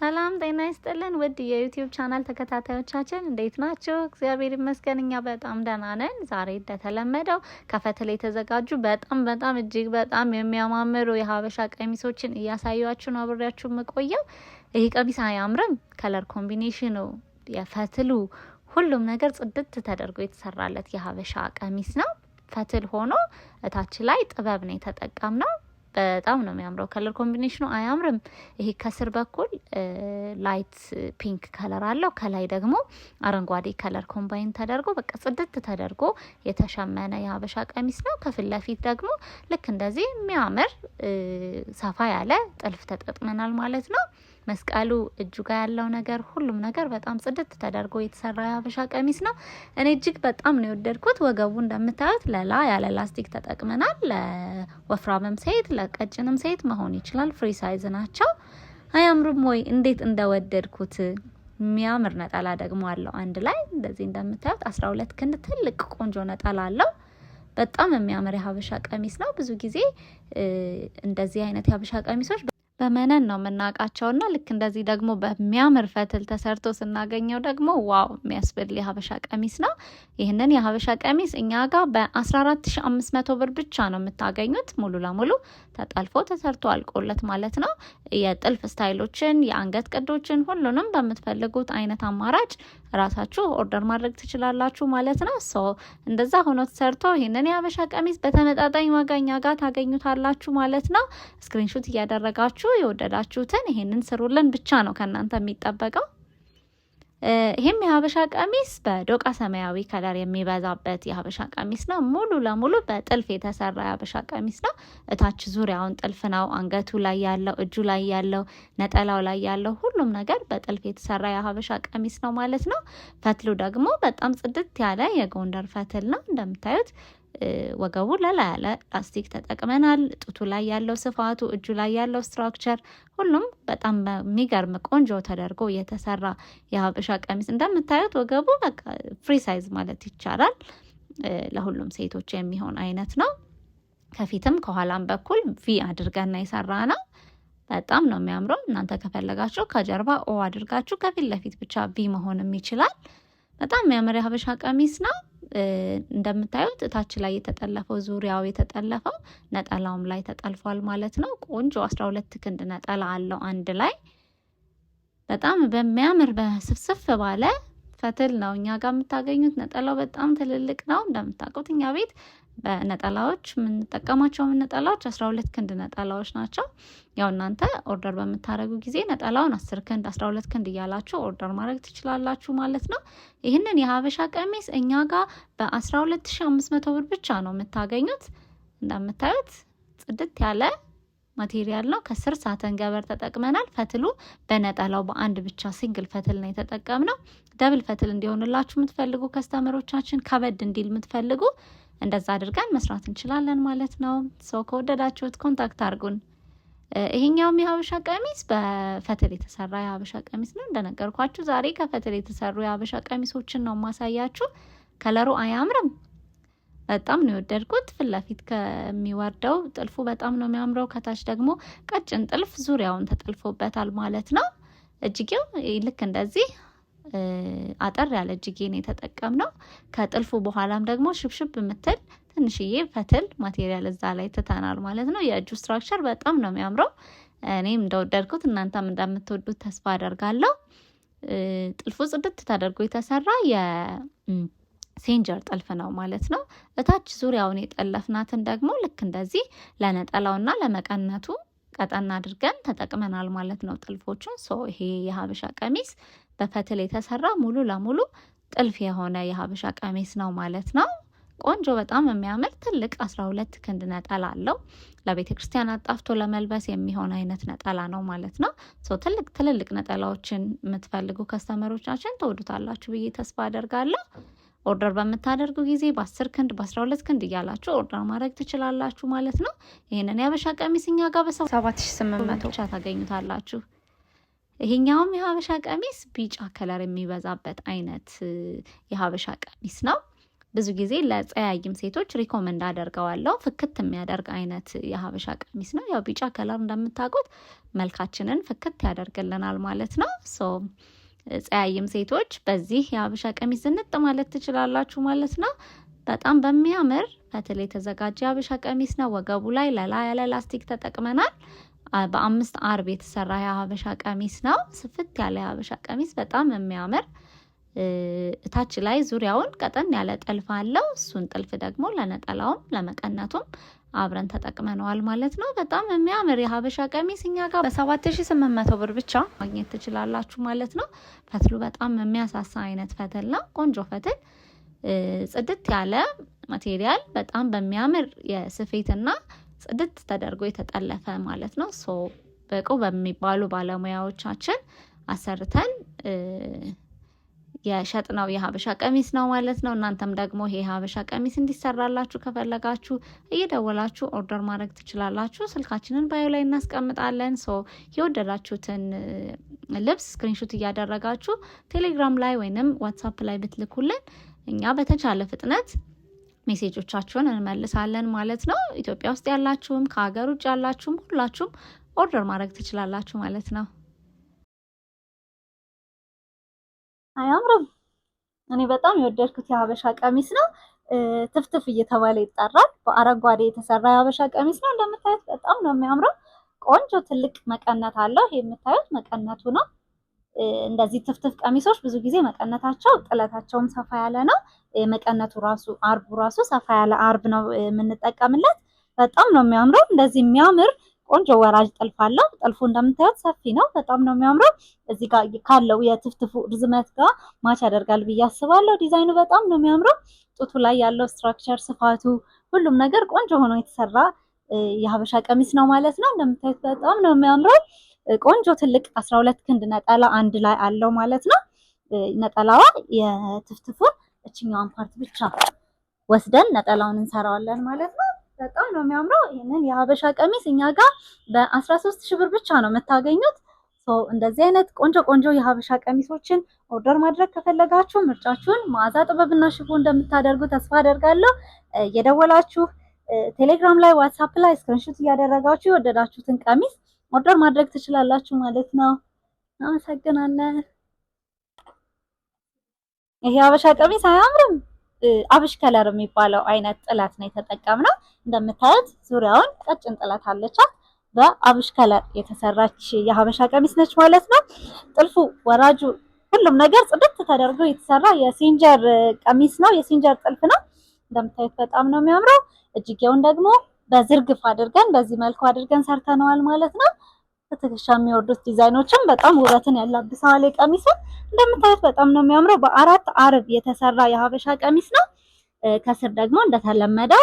ሰላም ጤና ይስጥልን ውድ የዩቲዩብ ቻናል ተከታታዮቻችን እንዴት ናችሁ? እግዚአብሔር ይመስገን እኛ በጣም ደህና ነን። ዛሬ እንደተለመደው ከፈትል የተዘጋጁ በጣም በጣም እጅግ በጣም የሚያማምሩ የሀበሻ ቀሚሶችን እያሳያችሁ ነው አብሬያችሁ የምቆየው። ይህ ቀሚስ አያምርም? ከለር ኮምቢኔሽኑ የፈትሉ ሁሉም ነገር ጽድት ተደርጎ የተሰራለት የሀበሻ ቀሚስ ነው። ፈትል ሆኖ እታች ላይ ጥበብ ነው የተጠቀም ነው በጣም ነው የሚያምረው። ከለር ኮምቢኔሽኑ አያምርም? ይሄ ከስር በኩል ላይት ፒንክ ከለር አለው፣ ከላይ ደግሞ አረንጓዴ ከለር ኮምባይን ተደርጎ በቃ ጽድት ተደርጎ የተሸመነ የሀበሻ ቀሚስ ነው። ከፊት ለፊት ደግሞ ልክ እንደዚህ የሚያምር ሰፋ ያለ ጥልፍ ተጠቅመናል ማለት ነው። መስቀሉ፣ እጁ ጋር ያለው ነገር፣ ሁሉም ነገር በጣም ጽድት ተደርጎ የተሰራ የሀበሻ ቀሚስ ነው። እኔ እጅግ በጣም ነው የወደድኩት። ወገቡ እንደምታዩት ለላ ያለ ላስቲክ ተጠቅመናል። ለወፍራምም ሴት ለቀጭንም ሴት መሆን ይችላል። ፍሪ ሳይዝ ናቸው። አያምሩም ወይ? እንዴት እንደወደድኩት የሚያምር ነጠላ ደግሞ አለው። አንድ ላይ እንደዚህ እንደምታዩት አስራ ሁለት ክንድ ትልቅ ቆንጆ ነጠላ አለው። በጣም የሚያምር የሀበሻ ቀሚስ ነው። ብዙ ጊዜ እንደዚህ አይነት የሀበሻ ቀሚሶች በመነን ነው የምናውቃቸው እና ልክ እንደዚህ ደግሞ በሚያምር ፈትል ተሰርቶ ስናገኘው ደግሞ ዋው የሚያስብል የሀበሻ ቀሚስ ነው። ይህንን የሀበሻ ቀሚስ እኛ ጋር በ14500 ብር ብቻ ነው የምታገኙት። ሙሉ ለሙሉ ተጠልፎ ተሰርቶ አልቆለት ማለት ነው። የጥልፍ ስታይሎችን፣ የአንገት ቅዶችን ሁሉንም በምትፈልጉት አይነት አማራጭ ራሳችሁ ኦርደር ማድረግ ትችላላችሁ ማለት ነው። ሶ እንደዛ ሆኖ ተሰርቶ ይህንን የሀበሻ ቀሚስ በተመጣጣኝ ዋጋ እኛ ጋር ታገኙታላችሁ ማለት ነው። ስክሪንሹት እያደረጋችሁ የወደዳችሁትን ይህንን ስሩልን ብቻ ነው ከእናንተ የሚጠበቀው። ይህም የሀበሻ ቀሚስ በዶቃ ሰማያዊ ከለር የሚበዛበት የሀበሻ ቀሚስ ነው። ሙሉ ለሙሉ በጥልፍ የተሰራ የሀበሻ ቀሚስ ነው። እታች ዙሪያውን ጥልፍ ነው። አንገቱ ላይ ያለው፣ እጁ ላይ ያለው፣ ነጠላው ላይ ያለው ሁሉም ነገር በጥልፍ የተሰራ የሀበሻ ቀሚስ ነው ማለት ነው። ፈትሉ ደግሞ በጣም ጽድት ያለ የጎንደር ፈትል ነው እንደምታዩት ወገቡ ለላ ያለ ላስቲክ ተጠቅመናል። ጡቱ ላይ ያለው ስፋቱ፣ እጁ ላይ ያለው ስትራክቸር፣ ሁሉም በጣም በሚገርም ቆንጆ ተደርጎ የተሰራ የሀበሻ ቀሚስ እንደምታዩት ወገቡ በቃ ፍሪ ሳይዝ ማለት ይቻላል ለሁሉም ሴቶች የሚሆን አይነት ነው። ከፊትም ከኋላም በኩል ቪ አድርገና የሰራ ነው። በጣም ነው የሚያምረው። እናንተ ከፈለጋችሁ ከጀርባ ኦ አድርጋችሁ ከፊት ለፊት ብቻ ቪ መሆንም ይችላል። በጣም የሚያምር የሀበሻ ቀሚስ ነው። እንደምታዩት እታች ላይ የተጠለፈው ዙሪያው የተጠለፈው ነጠላውም ላይ ተጠልፏል ማለት ነው። ቆንጆ አስራ ሁለት ክንድ ነጠላ አለው አንድ ላይ በጣም በሚያምር በስፍስፍ ባለ ፈትል ነው እኛ ጋር የምታገኙት። ነጠላው በጣም ትልልቅ ነው እንደምታውቁት እኛ ቤት በነጠላዎች የምንጠቀማቸው ነጠላዎች አስራ ሁለት ክንድ ነጠላዎች ናቸው። ያው እናንተ ኦርደር በምታደረጉ ጊዜ ነጠላውን አስር ክንድ አስራ ሁለት ክንድ እያላችሁ ኦርደር ማድረግ ትችላላችሁ ማለት ነው። ይህንን የሀበሻ ቀሚስ እኛ ጋር በአስራ ሁለት ሺ አምስት መቶ ብር ብቻ ነው የምታገኙት። እንደምታዩት ጽድት ያለ ማቴሪያል ነው። ከስር ሳተን ገበር ተጠቅመናል። ፈትሉ በነጠላው በአንድ ብቻ ሲንግል ፈትል ነው የተጠቀምነው። ደብል ፈትል እንዲሆንላችሁ የምትፈልጉ ከስተመሮቻችን ከበድ እንዲል የምትፈልጉ እንደዛ አድርገን መስራት እንችላለን ማለት ነው። ሰው ከወደዳችሁት ኮንታክት አድርጉን። ይሄኛውም የሀበሻ ቀሚስ በፈትል የተሰራ የሀበሻ ቀሚስ ነው። እንደነገርኳችሁ ዛሬ ከፈትል የተሰሩ የሀበሻ ቀሚሶችን ነው ማሳያችሁ። ከለሩ አያምርም? በጣም ነው የወደድኩት። ፊት ለፊት ከሚወርደው ጥልፉ በጣም ነው የሚያምረው። ከታች ደግሞ ቀጭን ጥልፍ ዙሪያውን ተጠልፎበታል ማለት ነው። እጅጌው ልክ እንደዚህ አጠር ያለ እጅጌ ነው የተጠቀምነው። ከጥልፉ በኋላም ደግሞ ሽብሽብ የምትል ትንሽዬ ፈትል ማቴሪያል እዛ ላይ ትተናል ማለት ነው። የእጁ ስትራክቸር በጣም ነው የሚያምረው። እኔም እንደወደድኩት እናንተም እንደምትወዱት ተስፋ አደርጋለሁ። ጥልፉ ጽድት ተደርጎ የተሰራ የሴንጀር ጥልፍ ነው ማለት ነው። እታች ዙሪያውን የጠለፍናትን ደግሞ ልክ እንደዚህ ለነጠላውና ለመቀነቱ ቀጠን አድርገን ተጠቅመናል ማለት ነው ጥልፎቹን። ሶ ይሄ የሀበሻ ቀሚስ በፈትል የተሰራ ሙሉ ለሙሉ ጥልፍ የሆነ የሀበሻ ቀሚስ ነው ማለት ነው። ቆንጆ በጣም የሚያምር ትልቅ 12 ክንድ ነጠላ አለው። ለቤተ ክርስቲያን አጣፍቶ ለመልበስ የሚሆን አይነት ነጠላ ነው ማለት ነው። ትልቅ ትልልቅ ነጠላዎችን የምትፈልጉ ከስተመሮቻችን ትወዱታላችሁ ብዬ ተስፋ አደርጋለሁ። ኦርደር በምታደርጉ ጊዜ በ ክንድ በ12 ክንድ እያላችሁ ኦርደር ማድረግ ትችላላችሁ ማለት ነው። ይህንን የሀበሻ ቀሚስ እኛ ጋር በ7800 ብቻ ታገኙታላችሁ። ይሄኛውም የሀበሻ ቀሚስ ቢጫ ከለር የሚበዛበት አይነት የሀበሻ ቀሚስ ነው። ብዙ ጊዜ ለጸያይም ሴቶች ሪኮመንድ አደርገዋለሁ። ፍክት የሚያደርግ አይነት የሀበሻ ቀሚስ ነው። ያው ቢጫ ከለር እንደምታውቁት መልካችንን ፍክት ያደርግልናል ማለት ነው። ጸያይም ሴቶች በዚህ የሀበሻ ቀሚስ ዝንጥ ማለት ትችላላችሁ ማለት ነው። በጣም በሚያምር ፈትል የተዘጋጀ የሀበሻ ቀሚስ ነው። ወገቡ ላይ ለላ ያለ ላስቲክ ተጠቅመናል። በአምስት አርብ የተሰራ የሀበሻ ቀሚስ ነው። ስፍት ያለ የሀበሻ ቀሚስ በጣም የሚያምር እታች ላይ ዙሪያውን ቀጠን ያለ ጥልፍ አለው። እሱን ጥልፍ ደግሞ ለነጠላውም ለመቀነቱም አብረን ተጠቅመነዋል ማለት ነው። በጣም የሚያምር የሀበሻ ቀሚስ እኛ ጋር በሰባት ሺ ስምንት መቶ ብር ብቻ ማግኘት ትችላላችሁ ማለት ነው። ፈትሉ በጣም የሚያሳሳ አይነት ፈትል ነው። ቆንጆ ፈትል፣ ጽድት ያለ ማቴሪያል፣ በጣም በሚያምር የስፌትና ጽድት ተደርጎ የተጠለፈ ማለት ነው። ሶ በቁ በሚባሉ ባለሙያዎቻችን አሰርተን የሸጥነው የሀበሻ ቀሚስ ነው ማለት ነው። እናንተም ደግሞ ይሄ የሀበሻ ቀሚስ እንዲሰራላችሁ ከፈለጋችሁ እየደወላችሁ ኦርደር ማድረግ ትችላላችሁ። ስልካችንን ባዩ ላይ እናስቀምጣለን። ሶ የወደዳችሁትን ልብስ ስክሪንሹት እያደረጋችሁ ቴሌግራም ላይ ወይንም ዋትሳፕ ላይ ብትልኩልን እኛ በተቻለ ፍጥነት ሜሴጆቻችሁን እንመልሳለን ማለት ነው። ኢትዮጵያ ውስጥ ያላችሁም ከሀገር ውጭ ያላችሁም ሁላችሁም ኦርደር ማድረግ ትችላላችሁ ማለት ነው። አያምርም? እኔ በጣም የወደድኩት የሀበሻ ቀሚስ ነው። ትፍትፍ እየተባለ ይጠራል። በአረንጓዴ የተሰራ የሀበሻ ቀሚስ ነው። እንደምታዩት በጣም ነው የሚያምረው። ቆንጆ ትልቅ መቀነት አለው። ይሄ የምታዩት መቀነቱ ነው። እንደዚህ ትፍትፍ ቀሚሶች ብዙ ጊዜ መቀነታቸው ጥለታቸውም ሰፋ ያለ ነው። መቀነቱ ራሱ አርቡ ራሱ ሰፋ ያለ አርብ ነው የምንጠቀምለት። በጣም ነው የሚያምረው። እንደዚህ የሚያምር ቆንጆ ወራጅ ጥልፍ አለው። ጥልፉ እንደምታዩት ሰፊ ነው፣ በጣም ነው የሚያምረው። እዚህ ጋር ካለው የትፍትፉ ርዝመት ጋር ማች ያደርጋል ብዬ አስባለሁ። ዲዛይኑ በጣም ነው የሚያምረው። ጡቱ ላይ ያለው ስትራክቸር፣ ስፋቱ፣ ሁሉም ነገር ቆንጆ ሆኖ የተሰራ የሀበሻ ቀሚስ ነው ማለት ነው። እንደምታዩት በጣም ነው የሚያምረው። ቆንጆ ትልቅ አስራ ሁለት ክንድ ነጠላ አንድ ላይ አለው ማለት ነው። ነጠላዋ የትፍትፉን እችኛዋን ፓርት ብቻ ወስደን ነጠላውን እንሰራዋለን ማለት ነው። በጣም ነው የሚያምረው። ይህንን የሀበሻ ቀሚስ እኛ ጋር በአስራ ሶስት ሺህ ብር ብቻ ነው የምታገኙት። እንደዚህ አይነት ቆንጆ ቆንጆ የሀበሻ ቀሚሶችን ኦርደር ማድረግ ከፈለጋችሁ ምርጫችሁን መዓዛ ጥበብና ሽቦ እንደምታደርጉ ተስፋ አደርጋለሁ። እየደወላችሁ ቴሌግራም ላይ፣ ዋትሳፕ ላይ ስክሪንሹት እያደረጋችሁ የወደዳችሁትን ቀሚስ ኦርደር ማድረግ ትችላላችሁ ማለት ነው። አመሰግናለን። ይሄ ሀበሻ ቀሚስ አያምርም? አብሽ ከለር የሚባለው አይነት ጥለት ነው የተጠቀምነው። እንደምታዩት ዙሪያውን ቀጭን ጥለት አለቻት። በአብሽ ከለር የተሰራች የሀበሻ ቀሚስ ነች ማለት ነው። ጥልፉ፣ ወራጁ፣ ሁሉም ነገር ጽድት ተደርጎ የተሰራ የሲንጀር ቀሚስ ነው። የሲንጀር ጥልፍ ነው። እንደምታዩት በጣም ነው የሚያምረው። እጅጌውን ደግሞ በዝርግፍ አድርገን በዚህ መልኩ አድርገን ሰርተነዋል ማለት ነው። ከትከሻ የሚወርዱት ዲዛይኖችም በጣም ውበትን ያላብሰዋል። ቀሚሱ እንደምታዩት በጣም ነው የሚያምረው። በአራት አርብ የተሰራ የሀበሻ ቀሚስ ነው። ከስር ደግሞ እንደተለመደው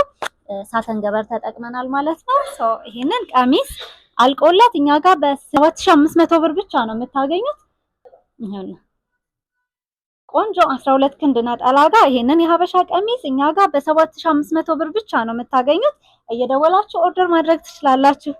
ሳተን ገበር ተጠቅመናል ማለት ነው። ይህንን ቀሚስ አልቆላት እኛ ጋር በሰባት ሺህ አምስት መቶ ብር ብቻ ነው የምታገኙት። ቆንጆ 12 ክንድ ነጠላ ጋር ይሄንን የሀበሻ ቀሚስ እኛ ጋር በ7500 ብር ብቻ ነው የምታገኙት። እየደወላችሁ ኦርደር ማድረግ ትችላላችሁ።